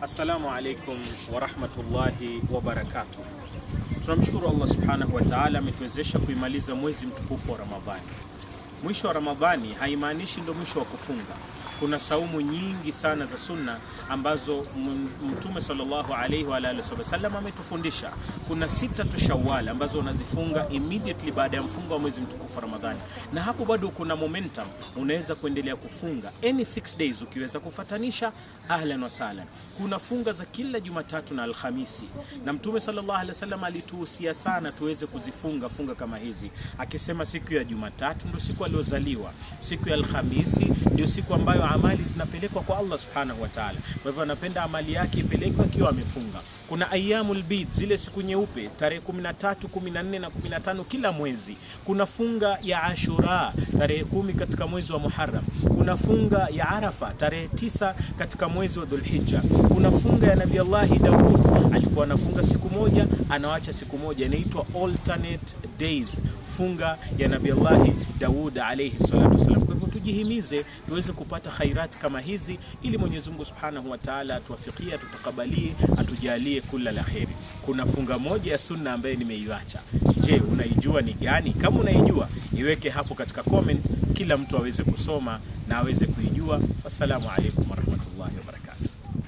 Assalamu alaikum warahmatullahi wabarakatuh. Tunamshukuru Allah subhanahu wa ta'ala ametuwezesha kuimaliza mwezi mtukufu wa Ramadhani. Mwisho wa Ramadhani haimaanishi ndo mwisho wa kufunga. Kuna saumu nyingi sana za sunna ambazo Mtume sallallahu alaihi wa alihi wasallam ametufundisha. Kuna sita tu Shawwal ambazo unazifunga immediately baada ya mfungo wa mwezi mtukufu wa Ramadhani, na hapo bado kuna momentum, unaweza kuendelea kufunga any six days ukiweza kufatanisha, ahlan wa sahlan. Kuna funga za kila Jumatatu na Alhamisi, na Mtume sallallahu alaihi wasallam alituhusia sana tuweze kuzifunga funga kama hizi, akisema siku ya Jumatatu ndio siku waliozaliwa siku ya Alhamisi ndio siku ambayo amali zinapelekwa kwa Allah subhanahu wa ta'ala. Kwa hivyo anapenda amali yake ipelekwe akiwa amefunga. Kuna ayyamul bid, zile siku nyeupe, tarehe 13, 14 na 15 kila mwezi. Kuna funga ya Ashura tarehe kumi katika mwezi wa Muharram, kuna funga ya Arafa tarehe tisa katika mwezi wa Dhulhijja, kuna funga ya Nabii Allahi Daud alikuwa anafunga siku moja anawacha siku moja, inaitwa alternate days, funga ya Nabii Allah Daud alayhi salatu wasalam tujihimize tuweze kupata khairati kama hizi, ili Mwenyezi Mungu Subhanahu wa Ta'ala atuwafikie, atutakabalie, atujalie kula la kheri. Kuna funga moja ya sunna ambayo nimeiacha. Je, unaijua ni gani? Kama unaijua iweke hapo katika comment, kila mtu aweze kusoma na aweze kuijua. Wassalamu alaikum warahmatullahi wabarakatuh.